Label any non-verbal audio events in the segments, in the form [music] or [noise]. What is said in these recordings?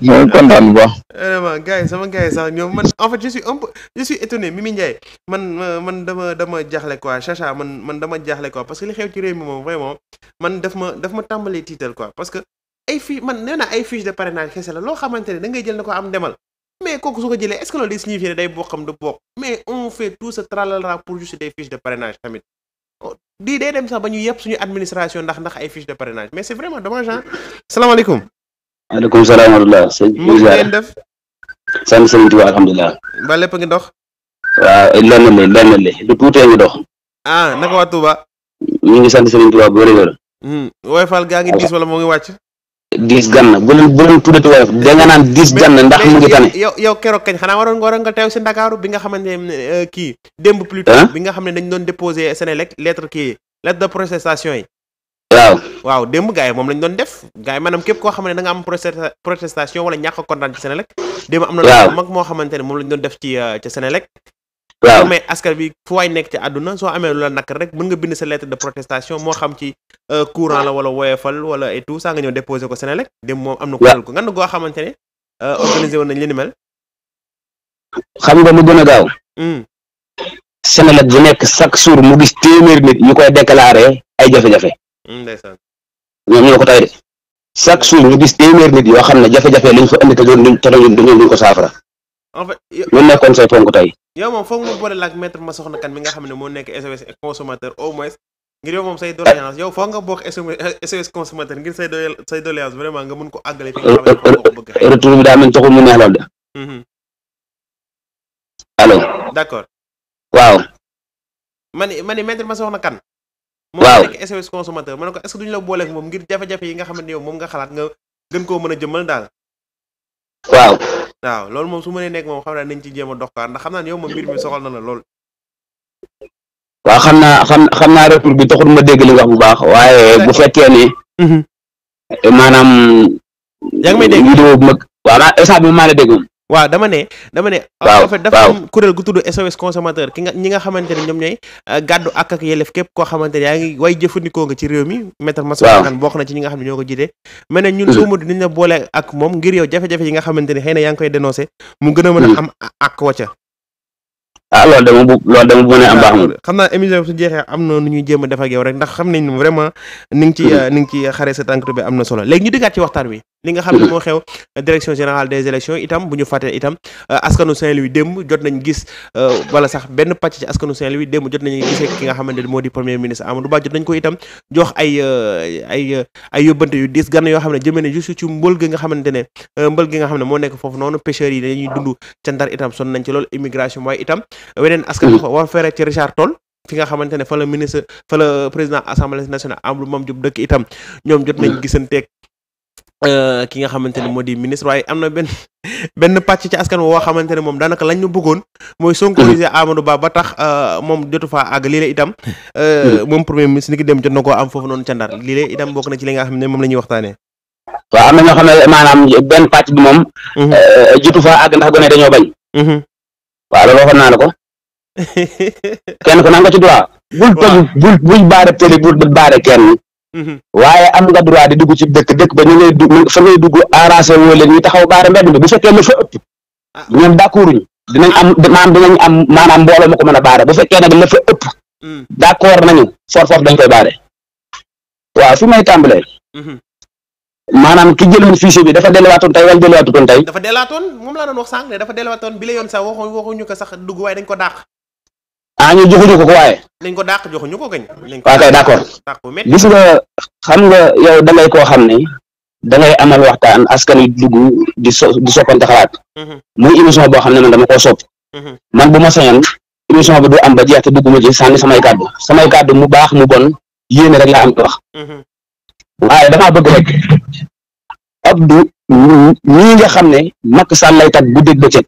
moom kontaan eh, bu baax. vraiment gars sama gars yi sax ñoom man en fait je suis un peu je suis étonné Mimi Ndiaye man man dama dama jaaxle quoi Chacha man man dama jaaxle quoi parce que li xew ci réew mi moom vraiment man parce que ay fiche man nee ay fiche de parrainage kese la loo xamante ne da ngay jël na ko am demal mais kooku su ko jëlee est-ce que loolu day signifier ne day bokkam du bokk mais on fait tout ce tralala pour juste des fiches de parrainage tamit. Oh, di day dem sax ba ñu yëpp suñu administration ndax ndax ay fiche de parrainage mais c'est vraiment maaleykum salaam wa rahmatulah. sëñ bi ngeen def. sant sëñ Tuubaa alhamdulilah. ba lépp ngi dox. waaw eh, lenn li lenn li ngi dox. ah naka waa Touba. mu ngi sant sëñ Tuubaa bu a wér. Hmm, Woy Fall gaa ngi diis wala moo ngi wàcc. diis gann bu leen bu leen tuddati woyof da naan diis gann ndax mu ngi tane. yow yow keroog xanaa waroon nga waroon nga teew si Ndakaaru bi nga xamante ne euh, kii. démb plus tôt bi nga xam ne dañ doon déposé Sénélec lettre kii lettre de protestation yi. waaw waaw démb gars yi moom lañu doon def gars yi maanaam képp koo xam ne da am protestation wala ñàkk a kontaan ci Senelec démb am na lu mag moo xamante ne moom lañ doon def ci euh, ca Senelec waaw mais askan bi fu waay nekk ci àdduna soo amee lu la nakar rek mën nga bind sa lettre de protestation moo xam ci euh, courant la wala woyefal wala et tout saa nga ñëw déposé ko Senelec démb moom am na kuréel ko ngan goo xamante ne euh, organisé woon nañ li ni mel xam nga lu gën a gaaw hmm. Senelec bu nekk chaque jour mu gis téeméer nit ñu koy déclaré ay jafe-jafe ñoom ñoo ko tay de chaque jour ñu gis téeméer nit yoo xam ne jafe-jafe lañ fa indi te ñun te ko saafara. en fait lu nekkoon say ponk tey. yow moom foog mu boole la ak ma soxna kan mi nga xam ne moo nekk SOS consommateur au ngir moom say doléance yow foog nga bokk SOS consommateur ngir say doy say doléance vraiment nga mun ko àggale. ne bëgg retour bi daa mel taxul mu neex lool de. Mm-hmm. allo. mani mani maître ma soxna kan. waaw moo nekk SOS consommateur ma ne est-ce que duñu la booleeg moom ngir jafe-jafe yi nga xamante ne yow moom nga xalaat nga gën koo mën a jëmal daal. waaw. waaw loolu moom su mënee nekk moom xam naa nañ ci jéem a dox kaar ndax xam naa ne yow moom mbir mi soxal na la lool. waaw xam naa xam xam naa retour bu taxul ma dégg li nga bu baax waaye bu fekkee nii mhm. maanaam. yaa ngi may dégg vidéo bu mag waaw maa instant bi maa la dégg waaw dama ne dama ne. waaw en fait dafa am kuréel gu tudd SOS consommateur ki nga ñi nga xamante ne ñoom ñooy euh, gàddu ak ak yelef képp koo xamante ne yaa ngi way jëfandikoo nga ci réew mi. maître Massa Kane bokk na ci ñi nga xam ne ñoo ko jiite. mais nag ñun mm-hmm. suuma dinañ boole ak moom ngir yow jafe yi nga xamante ne xëy na yaa koy dénoncé. mu gën mën a mm-hmm. am ak wàcc. ah loolu dama bu loolu dama xam naa émission bi am na nu ñuy jéem a def yow rek ndax xam nañ vraiment. ni nga ci mm-hmm. euh, ni nga ci xare sa tànk bi am na solo léegi ñu dëggaat ci waxtaan wi li nga xam ne moo xew direction générale des élections itam bu ñu fàtte itam euh, askanu Saint-Louis démb jot nañ gis euh, wala sax benn pàcc ci askanu Saint-Louis démb jot nañu gisee ki nga xamante ne moo di premier ministre Amadou Ba jot nañ ko itam jox ay euh, ay ay yóbbante yu yoo xam ne jëmee ne juste ci mbël gi nga xamante ne mbël gi nga xam ne moo nekk foofu noonu pêcheurs yi dañuy dund ca Ndar itam sonn nañ ci loolu immigration waaye itam weneen askan mm. war fere ci Richard Toll fi nga xamante ne fala la ministre fa la président assemblée nationale Amadou Mame Diop dëkk itam ñoom jot nañ mm. gisanteeg Euh, ki nga xamante ne moo di ministre waaye am na benn [laughs] benn pàcc ci askan woo xamante ne moom daanaka lañ ñu bëggoon mooy sonkoriser Amadou Ba ba tax euh, moom jotu faa àgg lii la itam [laughs] euh, moom premier ministre ni ki dem jot na am foofu noonu ca Ndar lii la itam na ci li nga xam ne moom la am na ñoo xam ne maanaam benn pàcc bi moom jotu faa àgg ndax gone dañoo bañ waaw loolu waxoon naa la ko [laughs] kenn ko nanga ko ci droit bul tëj bul baare télé bul baare kenn Mhm. waaye am nga droit di dugg ci dëkk dëkk ba ñu ngay dugg fa dugg arrangé woo leen ñu taxaw baara mbedd mi bu fekkee la fa ëpp ah. ñoom d'accord ñu dinañ am maanaam am maanaam mbooloo mu ko mën a baare bu fekkee nag la fa ëpp mm. d'accord nañu for for dañ koy baare waaw fi may tàmbalee mhm. maanaam ki jëloon fichier bi dafa delluwaatoon tey wala delluwaatutoon tey dafa delluwaatoon moom laa doon wax sànq ko sax dugg waaye dañ ko dàq ah ñu joxuñu ko ko waaye. nañ ko dàq joxuñu ko gañ. waaw ah, kay d' accord gis nga xam nga yow da ngay koo xam ne da ngay amal waxtaan askan wi dugg di so di soppante xalaat. Mhm. muy émission boo xam ne man dama koo sopp mhm. man bu ma sañoon émission bi du am ba jeex te dugguma ci sànni samay kàddu samay kàddu mu baax mu bon yéene rek laa am di wax. Mhm. waaye damaa bëgg rek Abdou ñii nga xam ne Macky Sall bu tag guddeeg bëccëg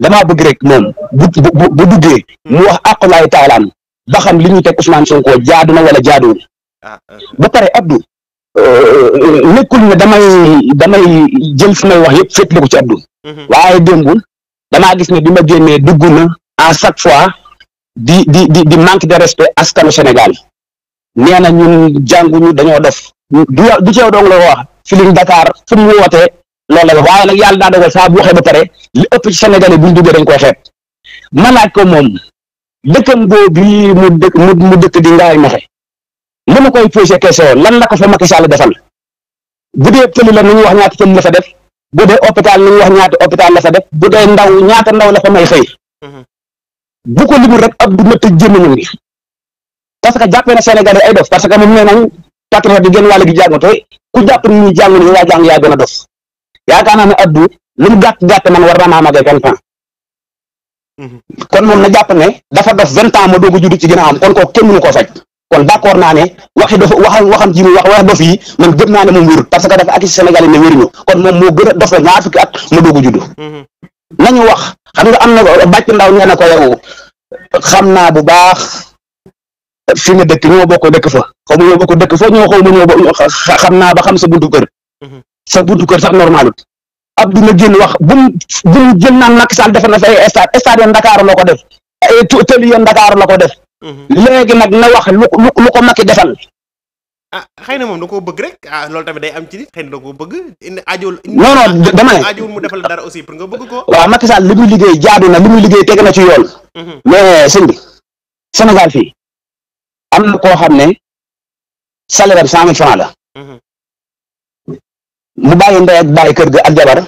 damaa bëgg rek moom bu bu bu duggee mu wax aqulaay taalaan ba xam li ñuy teg Ousmane Sonko jaadu na wala jaaduwul ah, ah. ba pare Abdou euh, euh, nekkul ne damay damay jël samay wax yëpp féetlu ko ci Abdou mhm. waaye démbul damaa gis ne bi ma génnee dugg na à chaque fois di di di di manque de respect askanu Sénégal nee na ñun jànguñu dañoo def du du ceew dong wax Feeling Dakar fu mu wootee loolu la waaye nag yàlla daa dogal saa bu waxee ba pare li ëpp ci Sénégalais buñ duggee dañ koy xeeb ma ko moom dëkkam boobu mu dëkk dëkk di ngaay maxe li ma koy posé question la ko fa Macky Sall defal bu dee tëli la nu wax ñaata tëli la fa def bu dee hôpital nu ñaata hôpital la fa def bu dee ndaw ñaata ndaw la fa may xëy mm-hmm. bu ko limul rek ab du na tëj gémmiñam gi parce que jàppee na Sénégalais ay dof parce que moom nee nañ patriote bi gën wàll gi jàngatoo ku jàpp ni ñuy jàng ni waa jàng yaa gën a dof yaakaar naa ne Abdou lu mu gàtt gàtt man war na maa magee vingt ans mhm. kon moom na jàpp ne dafa dof vingt ans ma doog a judd ci ginnaawam kon kooku kenn mënu koo faj kon d'accord naa ne waxi dof waxam waxam ji mu wax wax dof yi man gëm naa ne moom wérut parce que dafa ak si Sénégal yi ne wéruñu kon moom moo gën a dof la ñaar fukki at ma doog a judd mhm. nañu wax xam nga am na bàcc ndaw nee na a yow xam naa bu baax fi nga dëkk ñoo bokk dëkk fa xaw ma ñoo bokk dëkk fa ñoo xaw ma ñoo xam naa ba xam sa buntu kër mhm. sa buntu kër sax normalut Abdou na génn wax bu bu mu jël naan Macky Sall defar na fi ay stade stade la ko def tëli yoon Dakar la ko def. Mhm. léegi nag na wax lu lu lu ko Macky defal. ah xëy na moom da koo bëgg rek ah loolu tamit day am ci nit xëy na da koo bëgg. indi aajuwul non non dama ne mu defal dara aussi pour nga bëgg ko. waaw Macky Sall li liggéey jaadu na li muy liggéey na ci yoon. Mhm. mais sëñ bi Sénégal fii am na koo xam ne salaire bi cent mu bàyyi ndey ak bàyyi kër ga ak jabar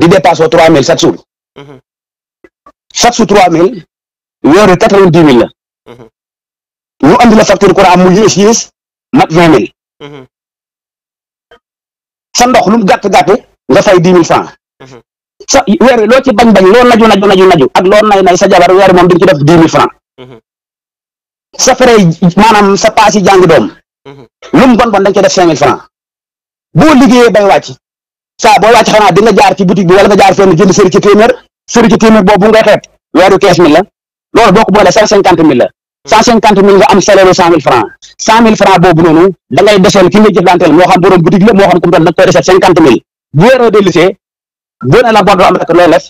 di dépassé trois mille chaque jour mm-hmm. chaque jour trois mille weeru quatre vingt dix la ñu mm-hmm. andi la facture courant mu yées yées mm-hmm. sa ndox lu mu gàtt gàtt nga fay dix mille franc sa weer wi loo ci bañ bañ loo naju naju naju ak loo nay nay sa jabar weer moom duñ ci def dix mille franc sa frais maanaam sa paas yi doom lu mu bon dañ ci def cinq mille franc boo liggéeyee bay wàcc saa boo wàcc xanaa di nga jaar ci boutique bi wala nga jaar fenn jënd sëri ci téeméer sëri ci téeméer boobu nga xeeb weeru quinze mille la loolu boo ko boolee la cent cinquante mille nga am salaire cent mille franc boobu noonu da ngay ki ngay jëflanteel moo xam borom boutique la moo xam ku mu doon koy deseel cinquante mille bu weeroo dellusee boo ne la bor am rek looy def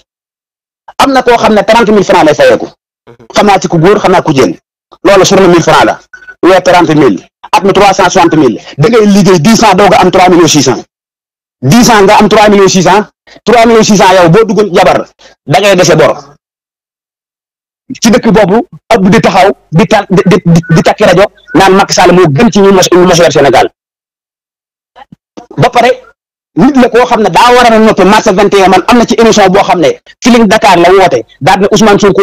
am na koo xam ne trente mille franc lay fayeeku mm-hmm. xam naa ci ku góor xam naa ku jigéen loolu sur na mille franc weer trente mille at mi trois cent soixante mille da liggéey dix ans doog a am trois millions six cent dix ans nga am trois millions six cent trois millions six cent yow boo duggoon jabar da ngay dese bor ci dëkk boobu ab di taxaw di ta di di takki rajo naan Macky Sall moo gën ci ñu mos ñu mos yor Sénégal ba pare nit la koo xam ne daa war a noppi mars 21 man am na ci émission boo xam ne Feeling Dakar la woote daal ne Ousmane Sonko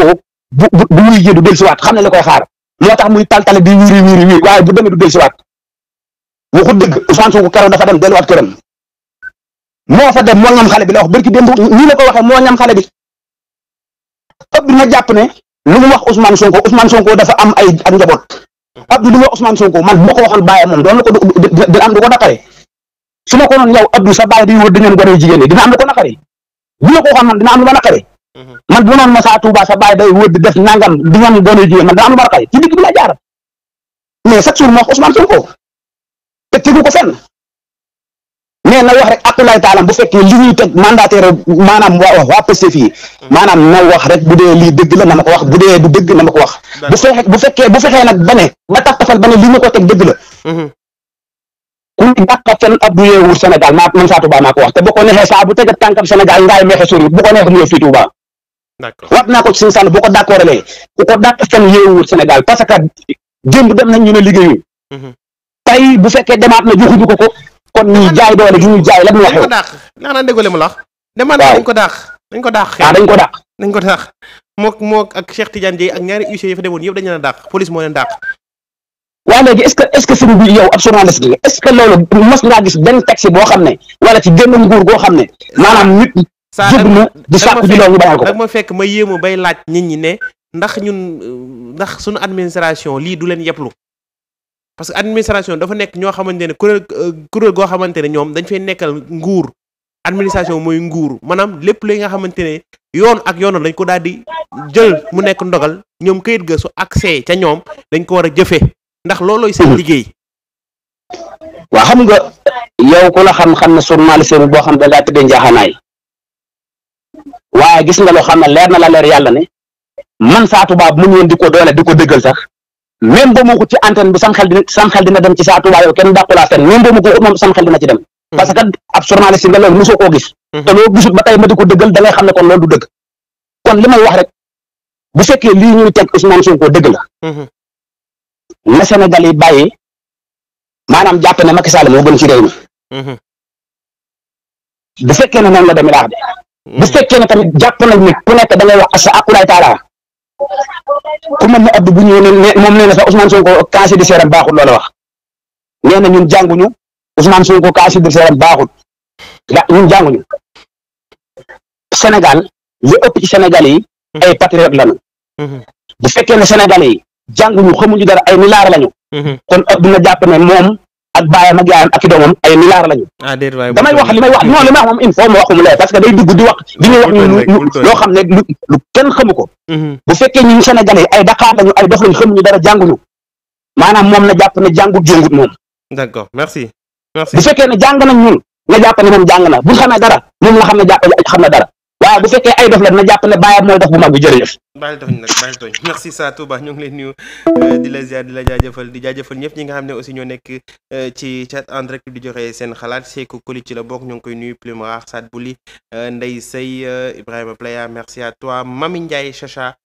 bu bu xam ne la koy xaar moo tax muy taltale di wiiri wiiri wiiri waaye bu demee du dellusiwaat waxut dëgg Ousmane Sonko keroog dafa dem del delluwaat këram moo fa dem moo ñam xale bi la wax barki dem nii ne ko waxee moo ñam xale bi ëpp na jàpp ne lu mu wax Ousmane Sonko Ousmane Sonko dafa am ay ak njaboot Abdou lu mu wax Ousmane Sonko man bu ma ko waxoon bàyyi moom doon na ko dina am lu ko naqare su ma ko noonu yow Abdou sa bàyyi di wër di ngeen gone jigéen ñi dina am lu ko naqare bu ma ko waxoon man dina Mm-hmm. man bu naan ma saa Touba sa baay day wëdd def nangam du ñam gone jigéen man am lu war digg bi jaar mais sax jour ma wax Ousmane Sonko te tegu ko fenn mais na wax rek akulay taalam bu fekkee li ñuy teg mandataire maanaam waa waa Pastef yi mm-hmm. maanaam na wax rek bu dee lii dëgg la na ma ko wax bu dee du dëgg na ma ko wax. bu fexe bu nag ba ma ba tax tafal ba ne lii ma ko teg dëgg la. Mm-hmm. ku ñu dàqa fenn ab du yeewul Sénégal maa man saa Touba maa ko wax te bu ko neexee saa bu tege tànkam Sénégal ngaay meexe sori bu ko neex mu ñëw fii Touba. d'accord waat naa ko ci suñu boo ko d'accord léegi ku ko dàq fen yeewul nañ ñu ne liggéeyul. Mhm. bu fekkee demaat na joxuñu ko ko kon ñuy jaay doole gi jaay la moo xew. naa naan déggoo li mu la wax. dañ ko dàq dañ ko dàq. ah dañ ko dàq dañ ko dàq mook mook ak Cheikh Tidiane Dieye ak ñaari huissiers yi fa demoon yëpp dañu leen a dàq police moo leen dàq. waaw léegi est-ce que est-ce que est loolu mos ngaa gis benn taxi boo xam ne wala ci génn nguur goo xam ne maanaam nit jub na di sàkku ji loolu ñu bayal ko dag ma fekk ma yéemu bay laaj nit ñi ne ndax ñun ndax suñu administration lii du leen yeplu parce que administration dafa nekk ñoo xamante ne kuréel kuréel goo xamante ne ñoom dañ fee nekkal nguur administration mooy nguur maanaam lépp li nga xamante ne yoon ak yoonal lañ ko daal di jël mu nekk ndogal ñoom kayit ga su accès ca ñoom dañ ko war a jëfee ndax loolooy seen liggéey. waa xam nga yow ku la xam xam na journaliste bi boo xam da ngaa tëddee njaaxanaay waaye gis nga loo xam na leer na la leer yàlla ne man saa tubaab mu ñëwoon di ko doole di ko dëggal sax même ba mu ko ci antenne bi sam xel dina sam xel dina dem ci saatu tubaab yow kenn dàqulaa fenn même ba moom sam xel dina ci dem. Hmm. que ab journaliste nga loolu mosoo koo gis. Hmm. di ko dëggal da ngay xam ne kon kon li may wax rek bu fekkee lii ñuy teg Ousmane Sonko dëgg la. Hmm. na Sénégal yi bàyyi maanaam jàpp ne Macky Sall moo gën ci réew mi. bu fekkee ne noonu la dem laax de. bu fekkee na tamit jàpp nañ ne ku nekk da ngay wax asa akulaay taala ku mel ne Abdou bu ñëwee ne moom nee na sax Ousmane Sonko casier de seeram baaxul loola wax nee na ñun jànguñu Ousmane Sonko casier de seeram baaxul da ñun jànguñu Sénégal li ëpp ci Sénégal yi hmm. ay patriote lañu hmm. bu fekkee ne Sénégal yi jànguñu xamuñu dara ay nilaar lañu hmm. kon Abdou na jàpp moom ak a ak yaayam ak i doomam ay milliards lañu ah, damay wax li may wax non li may wax moom il faut ma wax mu parce que day dugg di wax di ñu wax ñu loo xam ne lu kenn xamu mm-hmm. bu fekkee ñun sénégalais ay Dakar lañu ay dof lañu xamuñu dara jànguñu maanaam moom na jàpp ne jàngut moom bu fekkee ne jàng ñun na jàpp moom jàng na buñ xamee dara moom na xam na dara waaye bu fekkee ay dof la dina jàpp ne bàyyam mooy dof bu mag bi jërëjëf baal doñ nag baal doñ merci sa Touba ñu ngi leen nuyu euh, di la ziar di la jaajëfal di jaajëfal ñëpp ñi nga xam ne aussi ñoo nekk euh, ci chat en di joxe seen xalaat Seeku Koli ci la bokk ñu ngi koy nuyu Plume Saad Bouli euh, Ndeye Sey Ibrahima Playa merci à toi Mami Ndiaye Chacha